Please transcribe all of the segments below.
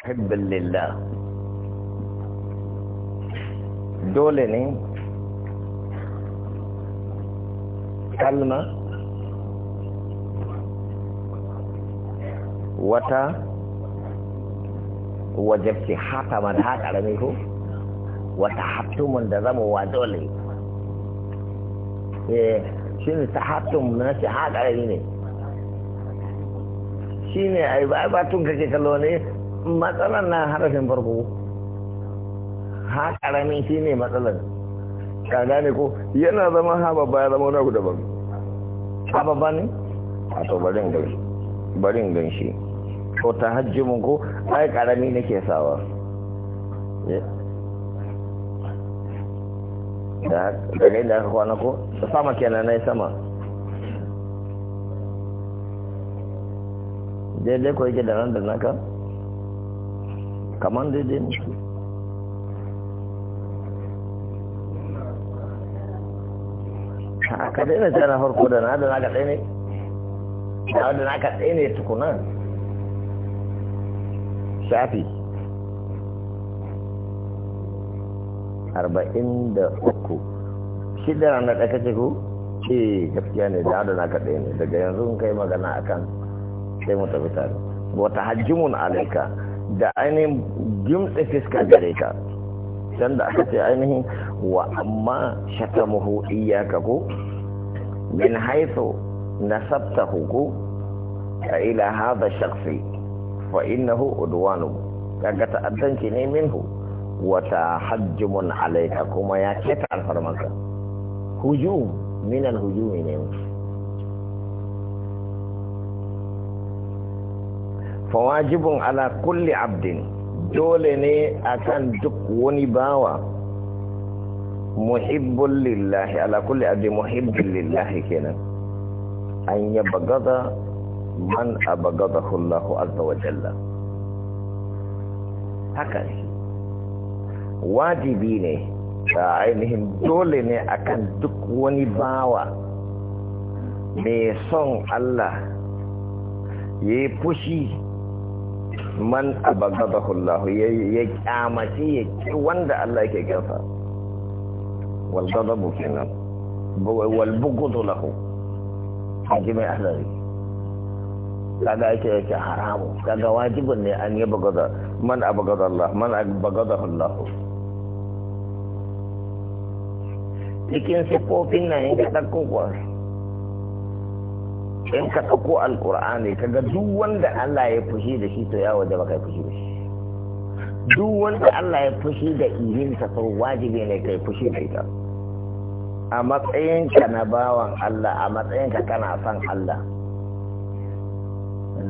حبا لله dole ne kalma wata wajabci hata man haka rami wata hattumin da zama wa dole shi ne ta hattum na shi haka ne shi ne a yi ba tun kake kallo ne matsalan na harafin farko ha karami shi ne matsalan ka gane ko yana zama ha babba ya zama wani abu daban ha babba ne a to barin ganshi barin ganshi ko ta hajji mun ko ai karami nake sawa da daga da aka kwana ko sama kenan na sama daidai ko yake da nan da naka kamar daidai musu ka daina jana harko da na da na ka tsaye ne da na ka ne tukunan shafi arba'in da uku shida na ɗaka ce ku ce eh, gaskiya ne da na ka ɗaya ne daga yanzu kai magana akan sai mu tafi tare wata hajjimun alaika da ainihin gimtse fiska gare ka can da aka ce ainihin wa amma shata muhu iyaka ko min na sabta nasabtahu a ila haza shakhsi fa innahu udwanu kaga ta'addanci ne minhu Wata tahajjumun alaika kuma ya ta alfarmarka hujum minan hujumi ne fawajibun ala kulli abdin dole ne akan duk wani bawa muhibbun lillahi ala kulli abdin muhibbun lillahi kenan an yi bagada man abagadahu Allah azza wa jalla haka shi wajibi ne ta ainihin dole ne akan duk wani bawa mai son Allah ya yi fushi man abagadahullahu ya kyamaci ya ki wanda Allah yake kyansa wal gadabu kenan wal lahu haji mai ahlari kaga ake yake haramu kaga wajibin ne an yi bagada man abagada man abagadahullahu cikin sifofin nan yin dakko kwarai in ka ɗauko alƙur'ani ka ga duk wanda Allah ya fushi da shi to ya waje ba kai fushi da shi duk wanda Allah ya fushi da ka to wajibi ne kai fushi da ita a matsayin ka na bawan Allah a matsayin ka kana son Allah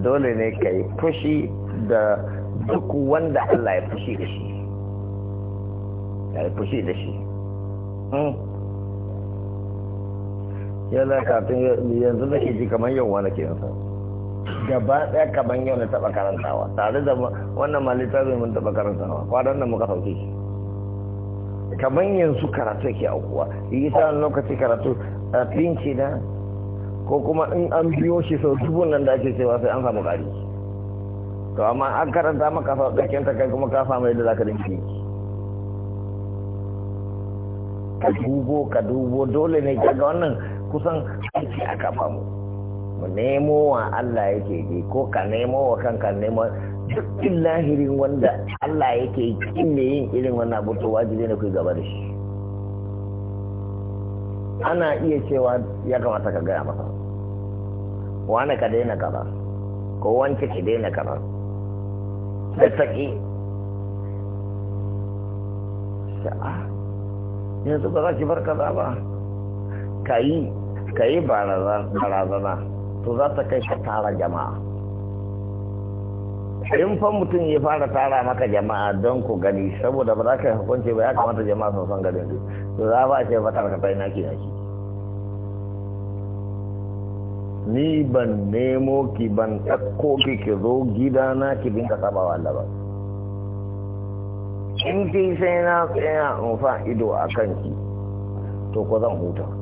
dole ne ka yi fushi da duk wanda Allah ya fushi da shi ya fushi da shi hmm? yana kafin yanzu da ke ji kamar yau wani ke yansa gaba ɗaya kamar yau na taɓa karantawa tare da wannan ma zai mun taɓa karantawa kwadon da muka sauke shi kamar yanzu karatu ke aukuwa yi ta lokaci karatu a finci na ko kuma in an biyo shi sau dubu nan da ake cewa sai an samu ƙari to amma an karanta maka sau ɗakin ta kai kuma ka samu yadda za ka dinki ka dubo ka dubo dole ne ga wannan kusan aiki a kafa mu mu nemo wa Allah yake yi ko ka nemo wa kanka nemo duk lahirin wanda Allah yake yi ne yin irin wannan abu to wajibi ne ku gaba da shi ana iya cewa ya kamata ka gaya masa wani ka daina kaza ko wanke ki daina kaza da saki sha'a ah, yanzu ba za ki bar kaza ba ka yi ka yi barazana to za ta kai ka tara jama'a in fa mutum ya fara tara maka jama'a don ku gani saboda ba za ka yi hukunci ba ya kamata jama'a sun san garin to za ba a ce tara ka bai naki naki ni ban nemo ki ban ɗauko ki ki zo gidana ki dinka saba wa ba in ki sai na tsaya in fa ido a kanki to ko zan huta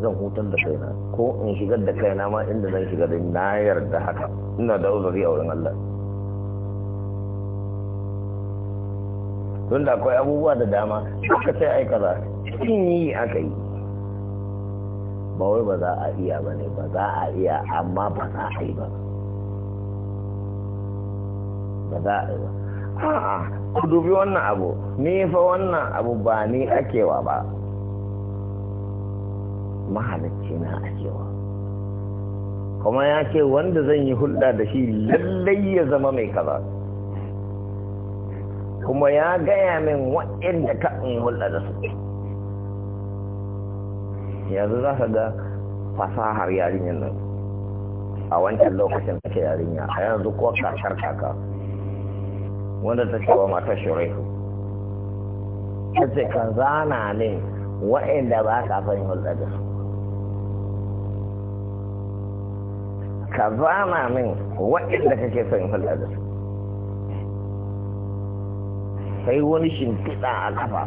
zan hutar da kaina ko in shigar da kaina ma inda zan shiga da na yarda haka ina da uzuri a wurin Allah don da akwai abubuwa da dama suka sai ai kaza cikin yi aka yi ba wai ba za a iya ba ne ba za a iya amma ba za a yi ba ba za a yi ba a'a ku dubi wannan abu ni fa wannan abu ba ni akewa ba mahalicci na a cewa kuma ya ce wanda zan yi hulɗa da shi lallai ya zama mai kaza kuma ya gaya min waɗanda ka in hulɗa da su yanzu za ka ga fasahar yarinyar nan a wancan lokacin take yarinya a yanzu ko kakar kaka wanda ta cewa matar shuraihu ta ce ka zana ne waɗanda ba ka fahimtar hulɗa da su ka zana min waɗanda kake son hulɗa da su sai wani shimfiɗa a kafa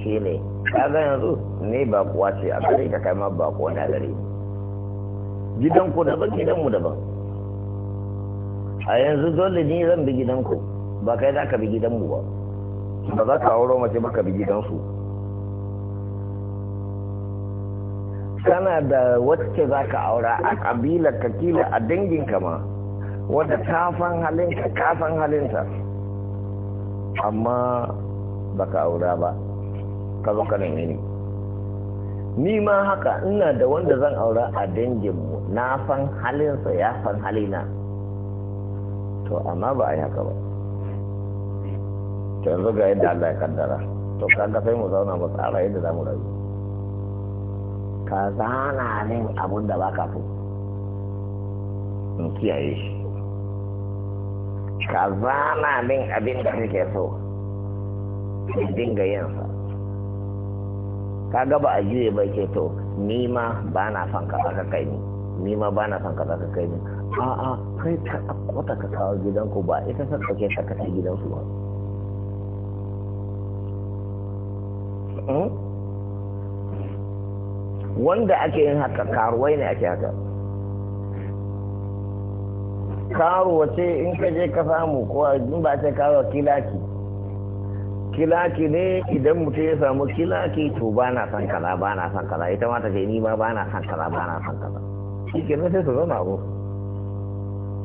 shi ne kaga yanzu ne ba kuwa ce a gare ka kai ma ba kuwa na gare gidanku daban gidanmu daban a yanzu dole ni zan bi gidanku ba kai za ka bi gidanmu ba ba za ka auro mace ba ka bi gidansu tana da wacce za ka aura a ƙabilar ka kila a ka ma wadda ta san halinka ka san halinta amma ba ka aura ba ka zo kanin yini ni ma haka ina da wanda zan aura a danginmu na san halinsa ya san halina to amma ba a yi haka ba yanzu ga yadda Allah ya kaddara to kaga sai mu zauna mu tsara yadda za mu rayu ka zana min abun da baka so in kiyaye shi ka zana min abin da kake so in dinga yin sa ka gaba a juye bai ke to ni ma ba na son ka ka kai ni ni ma ba na son ka ka kai ni a'a kai ka akwata ka kawo gidanku ba ita ta ke ka kai gidansu ba hmm? wanda ake yin haka karuwai ne ake haka karuwa ce in ka je ka samu ko in ba ce karuwa kilaki kilaki ne idan mutum ya samu kilaki to ba na san kala ba na san kala ita mata ta ce ni ma ba na san kala ba na san kala shi ke sai su zama abu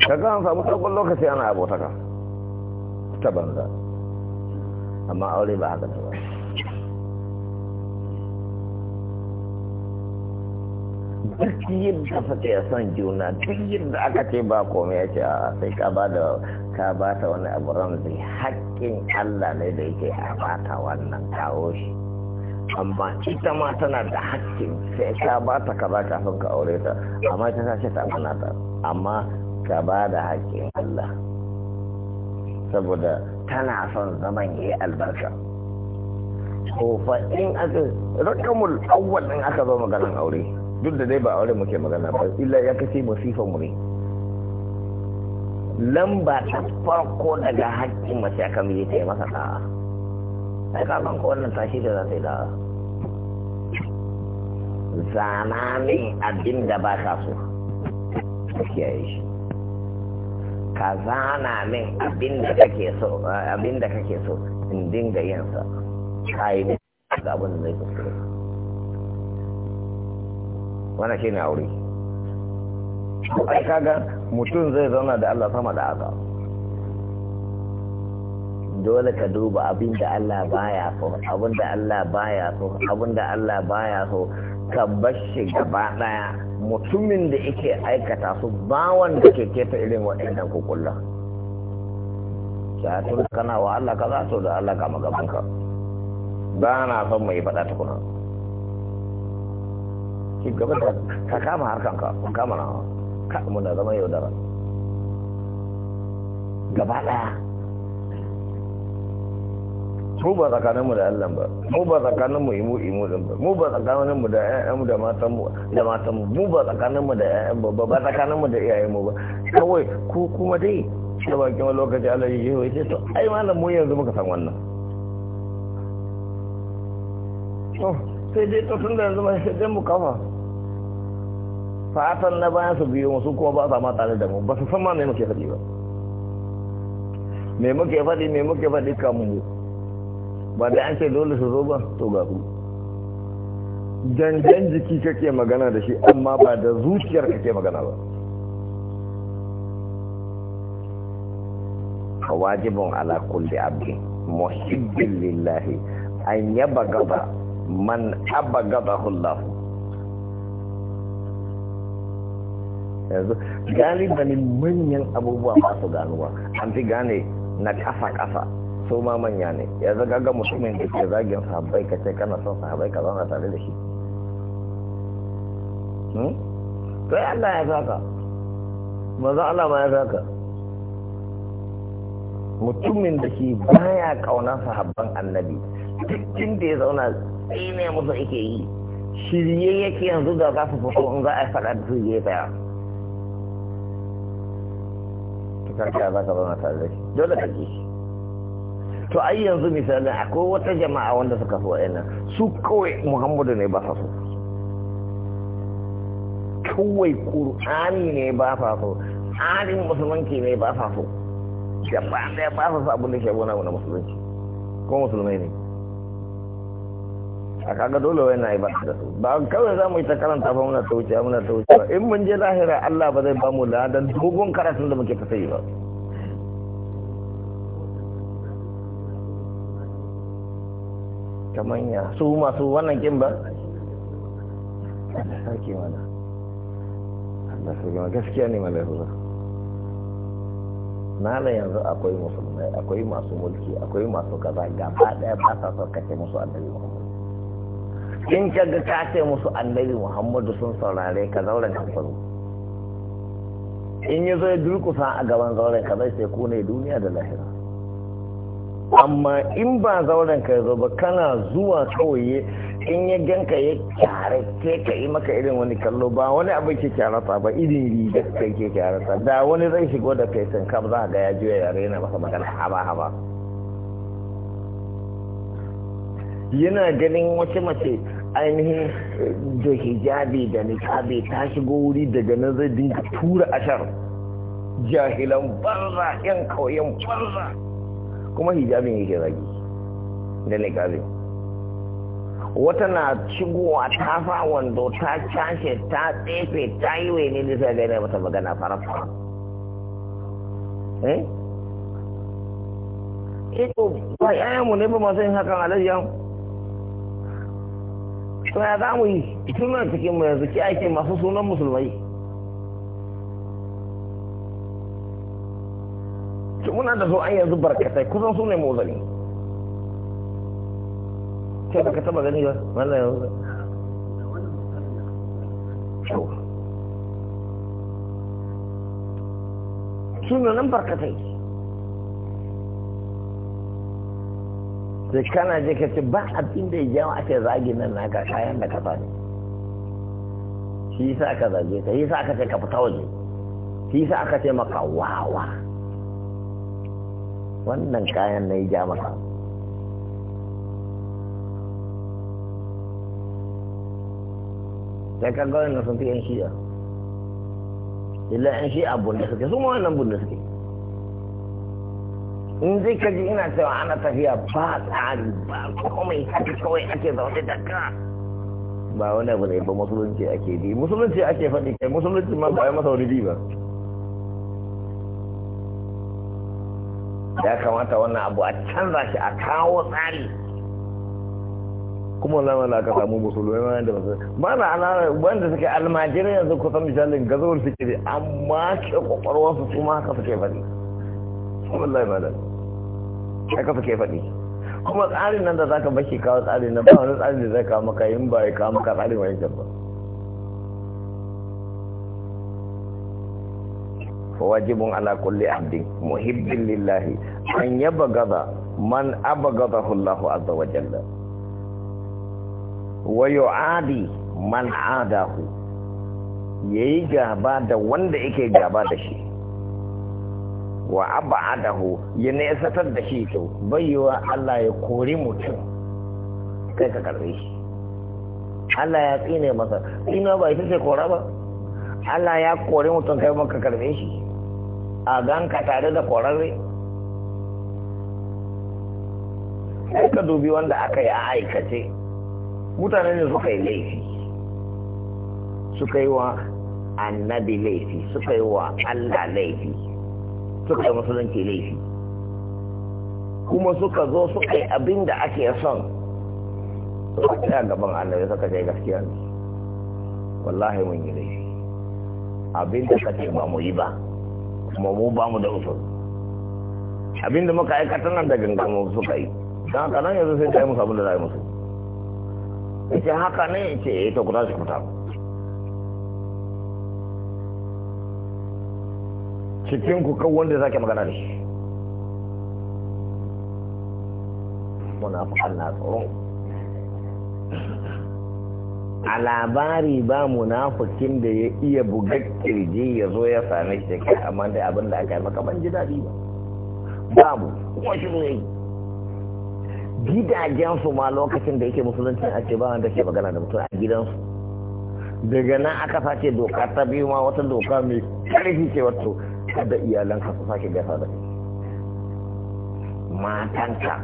kaga an samu tsakon lokaci ana abotaka ta banza amma aure ba haka ta ba duk yadda suka ya son juna duk da aka ce ba komai ya ce a sai ka ba da ka ba ta wani abu ramzi haƙƙin Allah ne da yake a ba ta wannan kawo shi amma ita ma tana da haƙƙin sai ka ba ta ka ba kafin ka aure ta amma ita ta ce ta amana ta amma ka ba da haƙƙin Allah saboda tana son zaman yi albarka ko fa in aka rakamul awwal din aka zo maganin aure duk da dai ba aure muke magana ba illa ya kace masifan mu ne lamba ta farko daga hakkin mace aka miji ta yi masa da'a ai ka ban ko wannan tashi da za ta yi da'a zana ne abin da ba ka so kiyaye shi ka zana min abin da kake so abin da kake so in dinga yin sa kai ga abin da zai so wannan shine aure ai kaga mutum zai zauna da Allah sama da aka. dole ka duba abinda Allah baya so abinda Allah baya so abinda Allah baya so ka bashi gaba daya mutumin da yake aikata su ba wanda ke keta irin waɗannan kukulla ta tun kana wa Allah kaza to da Allah ga magabanka ba na son mai faɗa tukuna ci gaba da ka kama harkanka kun kama nawa ka muna zama yaudara gaba daya mu ba tsakaninmu da Allah ba mu ba mu imu imu din ba mu ba mu da ƴaƴanmu da matanmu da matanmu mu ba da ƴaƴan ba ba da iyayenmu ba kawai ko kuma dai shi bakin wani lokaci Allah ya yi ce to ai malam mu yanzu muka san wannan to sai dai to tun da yanzu ma sai dai mu kafa fatan na bayan su biyo su kuma ba sa ma tare da mu ba su san ma me muke faɗi ba me muke faɗi me muke faɗi kamun mu ba da an ce dole su zo ba to ga ku janjan jiki kake magana da shi amma ba da zuciyar kake magana ba wajibin ala kulli abdi muhibbin lillahi an yaba gaba man abba gaba hullahu yanzu galibanin manyan abubuwa masu ganuwa an fi gane na kasa-kasa su ma manya ne yanzu gaga mutumin da ke zagin sahabbai ka ce kana son sahabbai ka zauna tare da shi to hmm? ya Allah ya saka maza Allah ma ya zaka mutumin da ke baya kauna sahabban annabi duk da ya zauna tsine musu ake yi shirye yake yanzu da za su fito in za a yi faɗa da su yi tsaya cutar ka za ka zauna tare da shi dole ka ji shi to ai yanzu misali akwai wata jama'a wanda suka so wa'ina su kawai muhammadu ne ba sa so kawai ƙur'ani ne ba sa so tsarin musulunci ne ba sa so gaba ɗaya ba sa so abin da ke gona wani musulunci ko musulmai ne a kaga dole wai na ibada da su ba kawai za mu yi ta karanta ba muna ta wuce muna ta wuce in mun je lahira Allah ba zai ba mu ladan dogon karatun da muke fasa yi ba kamar ya su masu wannan kin ba sarki mana Allah sarki mana gaskiya ne malai Na nala yanzu akwai musulmai akwai masu mulki akwai masu kaza gaba daya ba sa son kace musu annabi in ka ga ka ce musu annabi muhammadu sun saurare ka zauren ka faru in ya zo ya durkusa a gaban zauren ka zai sai ku ne duniya da lahira amma in ba zauren ka zo ba kana zuwa kawai in ya ganka ya kyara ke ka yi maka irin wani kallo ba wani abu ke kyarata ba irin riga kai ke kyarata da wani zai shigo da kai sun kam za ga ya juya ya rena masa magana haba haba yana ganin wace mace ainihin da hijabi da niqabi ta shigo wuri daga nazarin da tura ashar jahilan banza yan kauyen banza kuma hijabin yake zagi da niqabi wata na shigowa ta fa wando ta cashe ta tsefe ta yi ne da ga yana mata magana fara fara eh ito eh, ba yayan mu ne ba masu yin hakan alayyan to za mu yi tunan cikin mu yanzu ki ake masu sunan musulmai ki muna da so an yanzu barkatai kusan su ne mozali ke baka taba gani ba wannan yanzu sunan barkatai sai kana je ka ce ba abin da ya jawo ake zagi nan na ga kayan da kafa ne shi yasa aka zage ka yasa aka ce ka fita waje shi yasa aka ce maka wawa wannan kayan na ya ja maka sai ka ga wannan sun fi yan shi'a illa yan shi'a bunda suke su ma wannan bunda suke in zai kaji ina cewa ana tafiya ba tsari ba komai haka kawai ake zaune da ka ba wani abu ne ba musulunci ake bi musulunci ake faɗi kai musulunci ma ba ya masa wani bi ba ya kamata wannan abu a canza shi a kawo tsari kuma wani da aka samu musulmai ma yadda masu ba na ana wanda suke almajirai yanzu kusan misalin gazawar suke an Amma ke kwakwarwa su kuma haka suke faɗi wallahi malam haka suke faɗi kuma tsarin nan da zaka bashi kawo tsarin nan ba wani tsarin da zai kawo maka yin ba ya kawo maka tsarin wani jabba fawajibun ala kulli abdin muhibbin lillahi an yaba gaza man aba gaza hullahu azza wa jalla wa yu'adi man adahu yayi gaba da wanda yake gaba da shi wa Abba adahu ya nesatar da shi to Bayyawa Allah ya kori mutum kai ka karbe shi Allah ya tsine masa tsina ba ita ce kora ba Allah ya kori mutum kai maka karbe shi a gan ka tare da korarre sai ka dubi wanda aka yi a aikace mutane ne suka yi laifi suka yi wa annabi laifi suka yi wa Allah laifi suka musulunci laifi kuma suka zo suka yi abin da ake son suka a gaban annabi suka kai gaskiya ne wallahi mun yi laifi abin da kace ba mu yi ba kuma mu ba mu da usul abin da muka aikata nan da gangamu suka yi don haka nan yanzu sai ta yi musu abin da za a yi musu ita haka ne ce ya ta kuta su ba. cikin ku kan wanda zaki magana da shi munafiqan na tsoro a labari ba munafikin da ya iya buga kirji ya zo ya same shi kai amma da abin da aka yi maka ban ji daɗi ba babu kuma shi ne gidajensu ma lokacin da yake musulunci a ce ba wanda ke magana da mutum a gidansu daga nan aka sace doka ta biyu ma wata doka mai karfi ce wato kada iyalanka su sake gasa da matanka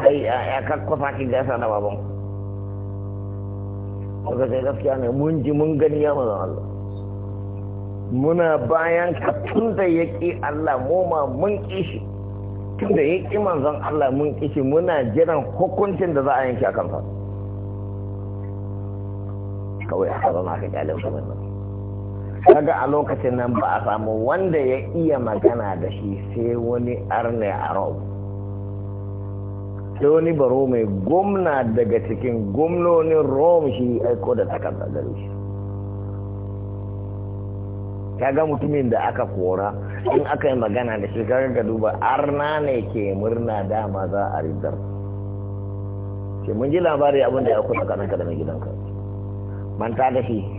kai ya kakko sake gasa da baban ku sai gaskiya ne mun ji mun gani ya mazan Allah muna bayan ka tun da ya ƙi Allah mu ma mun ƙi shi tun da ya ƙi manzon Allah mun ƙi shi muna jiran hukuncin da za a yanke a kansa kawai a na ka ƙyalin su wannan kaga a lokacin nan ba a samu wanda ya iya magana da shi sai wani arne a rau sai wani baro mai gwamna daga cikin gwamnonin rom shi aiko da takardar shi kaga mutumin da aka kora in aka yi magana da shi kaga ga duba arna ne ke murna dama za a ridar ke mun ji labari abinda ya kusa kanaka da mai gidanka manta da shi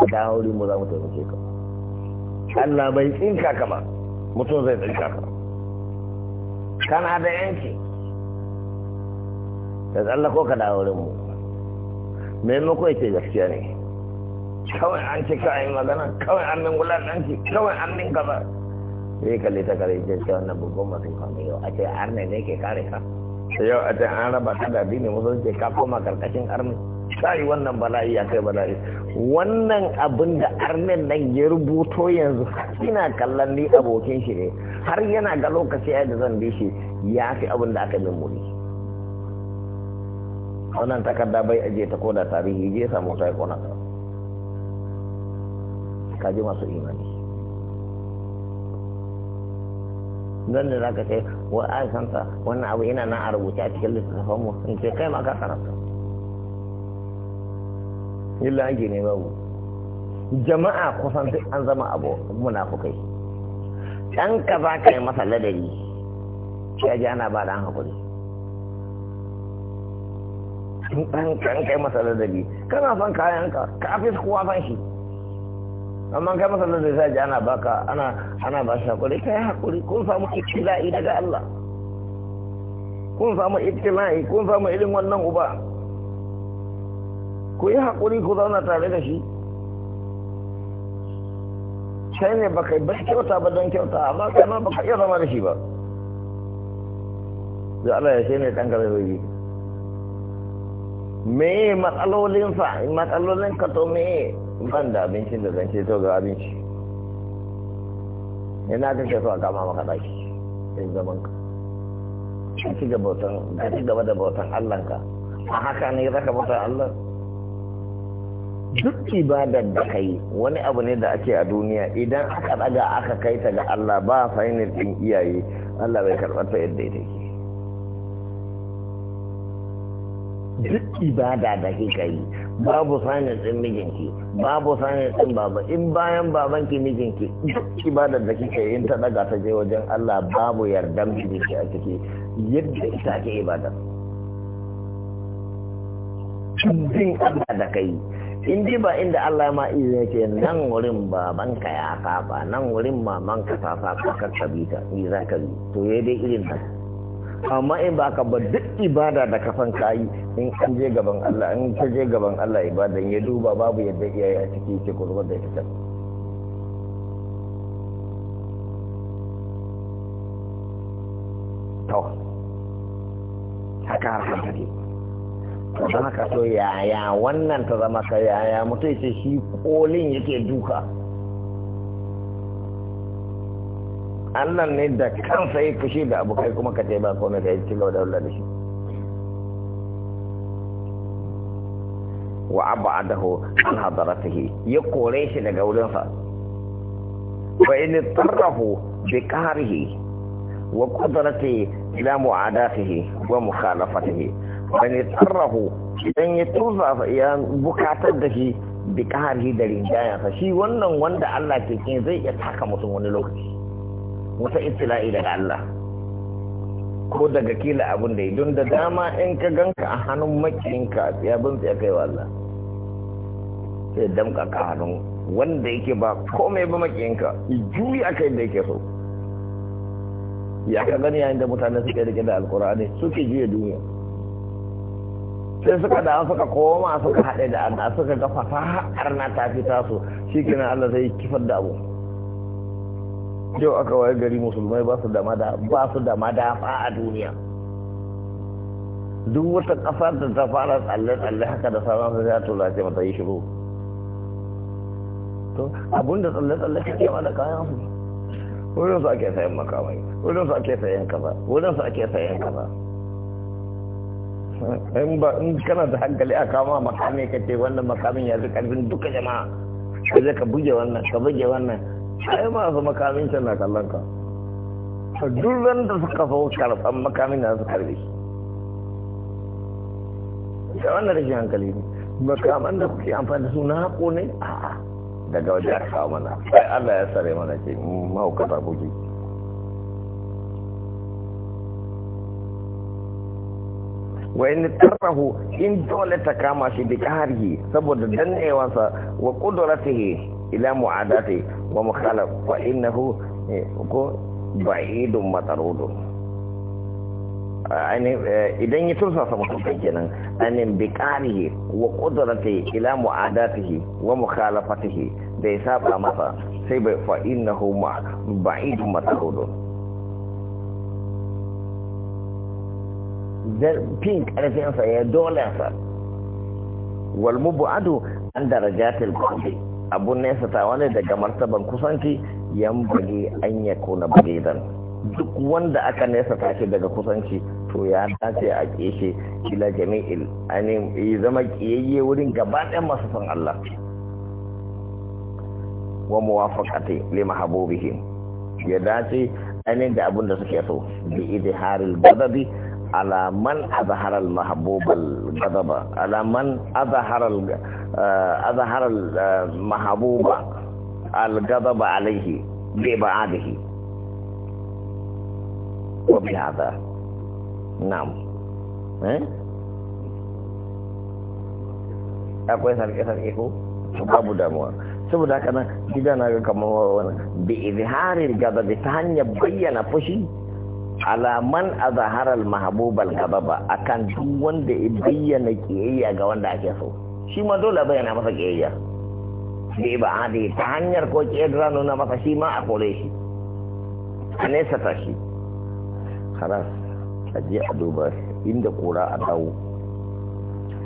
a dawo wurin mu za mu taimake ka Allah bai tsinka ka ba mutum zai tsinka ka kana da yanki da tsalla ko ka mu. wurin mu maimako yake gaskiya ne kawai an ce ka yi magana kawai an min yanki kawai an min gaba sai kalle ta kare ce ce wannan babban masu kwanu yau a ce arne ne ke kare ka yau a ce an raba ta da ne musulunci ka koma karkashin arne kai wannan bala'i ya kai bala'i wannan abin da armen nan ya rubuto yanzu ina kallon ni abokin shi ne har yana ga lokaci da zan bi shi ya fi abin da aka min muni wannan takarda bai aje ta koda tarihi je samu ta kona ka ji masu imani nan da za ka ce wa a santa wannan abu yana na a rubuce a cikin littattafan mu in ce kai ma ka karanta illa ake ne babu jama'a kusan duk an zama abu kukai ɗan ka za ka yi masa ladari ya ji ana ba haƙuri ɗan dan ka yi masa ladari kana son kayan ka ka fi kowa san shi amma kai masa ladari sai ji ana baka ana ana ba shi hakuri kai hakuri kun samu ibtila'i daga Allah kun samu ibtila'i kun samu irin wannan uba ku yi haƙuri ku zauna tare da shi sai ne ba kai bai kyauta ba don kyauta amma kai ma baka iya zama da shi ba da Allah ya sai ne ɗan gaba zai me matsalolinsa matsalolin ka to me ban da abincin da zance to ga abinci ina ka ce a kama maka ɗaki sai zaman ka ci gaba da bautan Allah ka a haka ne za ka bautan Allah duk ibadar da kai wani abu ne da ake a duniya idan aka daga aka kai ta ga Allah ba fainil din iyaye Allah bai karɓar ta yadda ya take duk ibada da kika yi babu fainil din mijinki babu fainil din baba in bayan babanki mijinki duk ibadar da kika yi in ta daga ta je wajen Allah babu yardan mijinki a ciki yadda ita ake ibadar. Shin Allah da kai in ba inda Allah ma izini yake nan wurin babanka ya kafa nan wurin mamanka man ka kar ka bi ta ni za ka bi to yayi dai irin nan amma in ba ka ba duk ibada da ka san kayi in an je gaban Allah in ka je gaban Allah ibadan ya duba babu yadda iyaye a ciki yake gurbar da ita to haka har don ka so yaya wannan ta zama ka yaya mutum ce shi kolin yake duka annan ne da kansa yi fushi da abokai kuma ka ce ba komai ka yi cigaba da wula da shi wa daho an ke ya kore shi daga wurinsa wa in tarrahu bi qahrihi wa qudratihi ila mu'adatihi wa mukhalafatihi bane tsarrahu idan ya turza ya bukatar da shi bi kahari da rinjayansa shi wannan wanda Allah ke kin zai iya taka mutum wani lokaci wata itila'i daga Allah ko daga kila abin da don da dama in ka ganka a hannun makinka ya bin ya kai wa Allah sai damka ka hannun wanda yake ba komai ba makinka juya kai da yake so ya ka gani yayin da mutane suke rike da alkur'ani suke juya duniya sai suka da suka koma suka haɗe da arna suka ga fasaha arna ta fita su shi kina Allah zai kifar da abu yau aka waye gari musulmai ba su da fa a duniya duk wata ƙasar da ta fara tsalle-tsalle haka da sauran su ya tola ce mata yi shiru to da tsalle-tsalle kake ma da kayan su wurin su ake sayan makamai wurin su ake sayan kaza wurin su ake sayan kaza in ba in kana da hankali a kama makami ka ce wannan makamin ya fi karfin duka jama'a ka zai ka buge wannan ka buge wannan ai ma su makamin can na kallon ka duk ran da suka zo karfan makamin na su karfi ga wannan rashin hankali ne makaman da kuke amfani da su na haƙo ne a'a daga wajen a kawo mana sai Allah ya sare mana ce mahaukata buge. wa in in dole ta kama shi bi qahrihi saboda dannewansa wa ila mu'adati wa eh, ko ba'idun eh, idan ya tursa sa mutum kenan anin bi wa qudratihi ila mu'adatihi wa mukhalafatihi da ya saba masa sai bai fa innahu fin karfinsa ya sa eh, bu ado, an darajatil kwalli abun nesa ta wani daga martaban kusanci yan bage an ya kona bagidan duk wanda aka nesa ta ke daga kusanci to ya dace a keshe kila jami'il ya zama kiyayye wurin gaba masu son Allah wa muwafaqati li mahabubihim ya dace ainihin da abun da suke so bi idharil badabi على من أظهر المحبوب الغضب على من أظهر أظهر المحبوب الغضب عليه بإبعاده وبهذا نعم akwai sarƙe-sarƙe ko babu damuwa saboda haka nan gida na ga kamar wani bi izharin gaba ta hanyar bayyana fushi alaman a zaharar mahabubal ba a kan duk wanda ya bayyana ƙiyayya ga wanda ake so shi ma dole bayyana masa ƙiyayya bai ba hadi ta hanyar ko ƙiyayya nuna masa shi ma a kore shi a nesa ta shi haras a je a duba inda kura a dawo